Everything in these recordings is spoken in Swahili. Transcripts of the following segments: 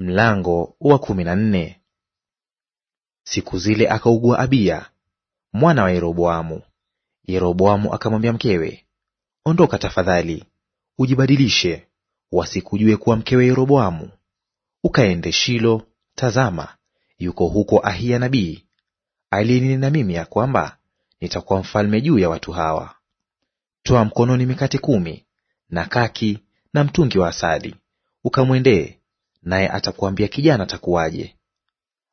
Mlango wa kumi na nne. Siku zile akaugua Abiya mwana wa Yeroboamu. Yeroboamu akamwambia mkewe, Ondoka tafadhali, ujibadilishe, wasikujue kuwa mkewe Yeroboamu, ukaende Shilo. Tazama, yuko huko Ahiya nabii, na mimi ya kwamba nitakuwa mfalme juu ya watu hawa. Toa mkononi mikate kumi na kaki na mtungi wa asali, ukamwendee naye atakuambia kijana atakuwaje.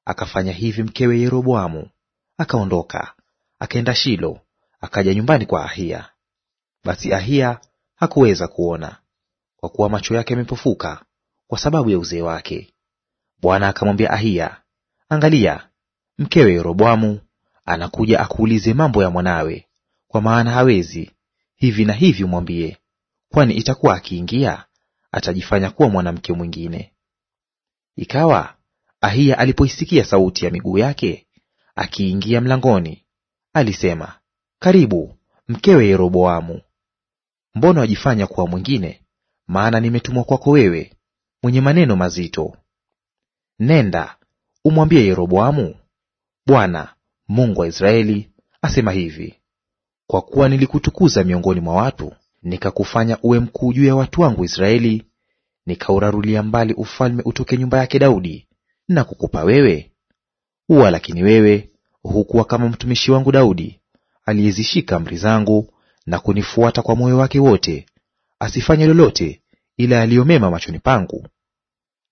Akafanya hivi mkewe Yeroboamu, akaondoka akaenda Shilo, akaja nyumbani kwa Ahia. Basi Ahia hakuweza kuona, kwa kuwa macho yake yamepofuka kwa sababu ya uzee wake. Bwana akamwambia Ahia, angalia, mkewe Yeroboamu anakuja akuulize mambo ya mwanawe, kwa maana hawezi hivi na hivi umwambie, kwani itakuwa akiingia atajifanya kuwa mwanamke mwingine. Ikawa Ahiya alipoisikia sauti ya miguu yake akiingia mlangoni, alisema, Karibu, mkewe Yeroboamu. Mbona wajifanya kuwa mwingine? Maana nimetumwa kwako wewe, mwenye maneno mazito. Nenda umwambie Yeroboamu, Bwana Mungu wa Israeli asema hivi, kwa kuwa nilikutukuza miongoni mwa watu, nikakufanya uwe mkuu juu ya watu wangu Israeli nikaurarulia mbali ufalme utoke nyumba yake Daudi na kukupa wewe? lakini wewe hukuwa kama mtumishi wangu Daudi aliyezishika amri zangu na kunifuata kwa moyo wake wote, asifanye lolote ila aliyomema machoni pangu.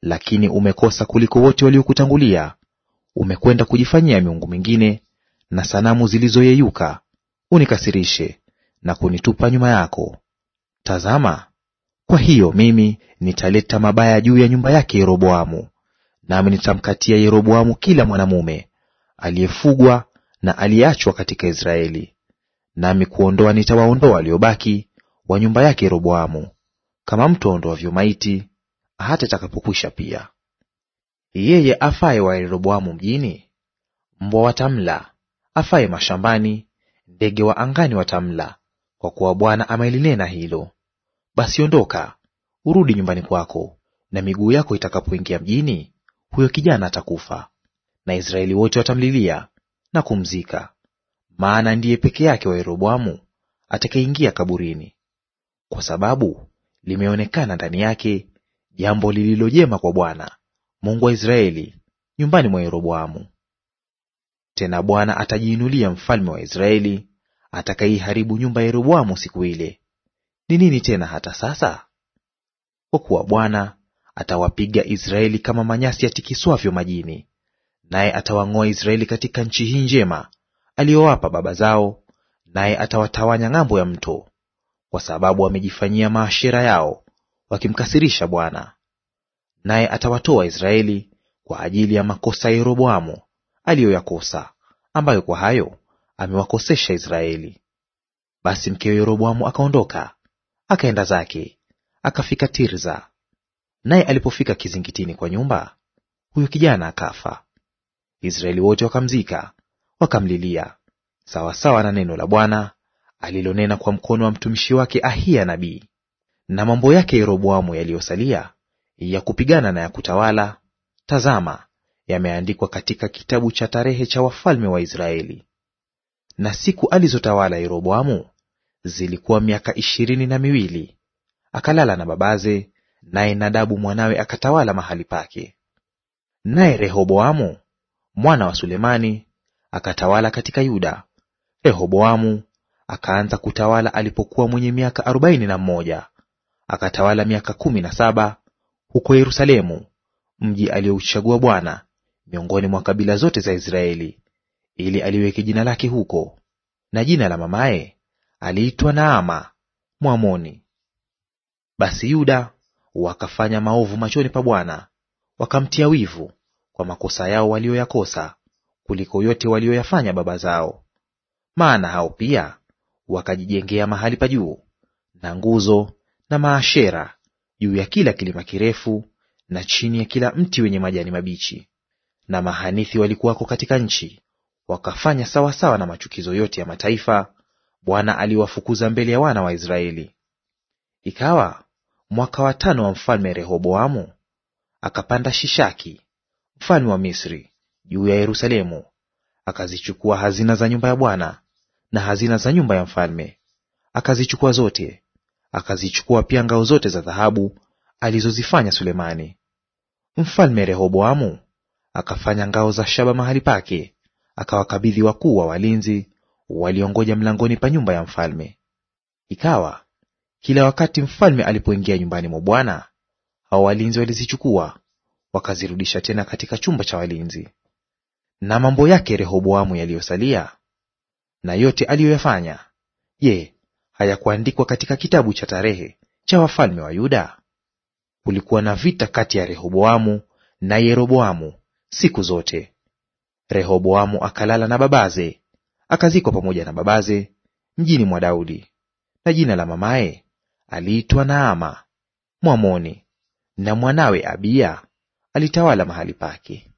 Lakini umekosa kuliko wote waliokutangulia, umekwenda kujifanyia miungu mingine na sanamu zilizoyeyuka, unikasirishe na kunitupa nyuma yako. Tazama, kwa hiyo mimi nitaleta mabaya juu ya nyumba yake Yeroboamu, nami nitamkatia Yeroboamu kila mwanamume aliyefugwa na aliyeachwa katika Israeli, nami kuondoa nitawaondoa waliobaki wa nyumba yake Yeroboamu, kama mtu aondoavyo maiti hata itakapokwisha. Pia yeye afaye wa Yeroboamu mjini, mbwa watamla; afaye mashambani, ndege wa angani watamla, kwa kuwa Bwana amelinena hilo. Basi ondoka urudi nyumbani kwako, na miguu yako itakapoingia mjini, huyo kijana atakufa, na Israeli wote watamlilia na kumzika, maana ndiye peke yake wa Yeroboamu atakayeingia kaburini, kwa sababu limeonekana ndani yake jambo lililojema kwa Bwana Mungu wa Israeli nyumbani mwa Yeroboamu. Tena Bwana atajiinulia mfalme wa Israeli atakayeiharibu nyumba ya Yeroboamu siku ile, ni nini tena hata sasa? Kwa kuwa Bwana atawapiga Israeli kama manyasi yatikiswavyo majini, naye atawang'oa Israeli katika nchi hii njema aliyowapa baba zao, naye atawatawanya ng'ambo ya mto, kwa sababu wamejifanyia maashera yao, wakimkasirisha Bwana. Naye atawatoa Israeli kwa ajili ya makosa ya Yeroboamu aliyoyakosa, ambayo kwa hayo amewakosesha Israeli. Basi mkewe Yeroboamu akaondoka akaenda zake akafika Tirza. Naye alipofika kizingitini kwa nyumba, huyo kijana akafa. Israeli wote wakamzika, wakamlilia sawasawa na neno la Bwana alilonena kwa mkono wa mtumishi wake Ahiya nabii. Na mambo yake Yeroboamu yaliyosalia ya kupigana na ya kutawala, tazama, yameandikwa katika kitabu cha tarehe cha wafalme wa Israeli. Na siku alizotawala Yeroboamu zilikuwa miaka ishirini na miwili akalala na babaze, naye Nadabu mwanawe akatawala mahali pake. Naye Rehoboamu mwana wa Sulemani akatawala katika Yuda. Rehoboamu akaanza kutawala alipokuwa mwenye miaka arobaini na mmoja akatawala miaka kumi na saba huko Yerusalemu, mji aliyouchagua Bwana miongoni mwa kabila zote za Israeli, ili aliweke jina lake huko. Na jina la mamaye aliitwa Naama Mwamoni. Basi Yuda wakafanya maovu machoni pa Bwana, wakamtia wivu kwa makosa yao waliyoyakosa kuliko yote waliyoyafanya baba zao. Maana hao pia wakajijengea mahali pa juu na nguzo na maashera juu ya kila kilima kirefu na chini ya kila mti wenye majani mabichi. Na mahanithi walikuwako katika nchi, wakafanya sawasawa na machukizo yote ya mataifa Bwana aliwafukuza mbele ya wana wa Israeli. Ikawa mwaka wa tano wa mfalme Rehoboamu, akapanda Shishaki mfalme wa Misri juu ya Yerusalemu, akazichukua hazina za nyumba ya Bwana na hazina za nyumba ya mfalme, akazichukua zote, akazichukua pia ngao zote za dhahabu alizozifanya Sulemani. Mfalme Rehoboamu akafanya ngao za shaba mahali pake, akawakabidhi wakuu wa walinzi waliongoja mlangoni pa nyumba ya mfalme. Ikawa kila wakati mfalme alipoingia nyumbani mwa Bwana, hao walinzi walizichukua wakazirudisha tena katika chumba cha walinzi. Na mambo yake Rehoboamu yaliyosalia na yote aliyoyafanya, je, hayakuandikwa katika kitabu cha tarehe cha wafalme wa Yuda? Kulikuwa na vita kati ya Rehoboamu na Yeroboamu siku zote. Rehoboamu akalala na babaze, akazikwa pamoja na babaze mjini mwa Daudi. Na jina la mamaye aliitwa Naama Mwamoni, na mwanawe Abiya alitawala mahali pake.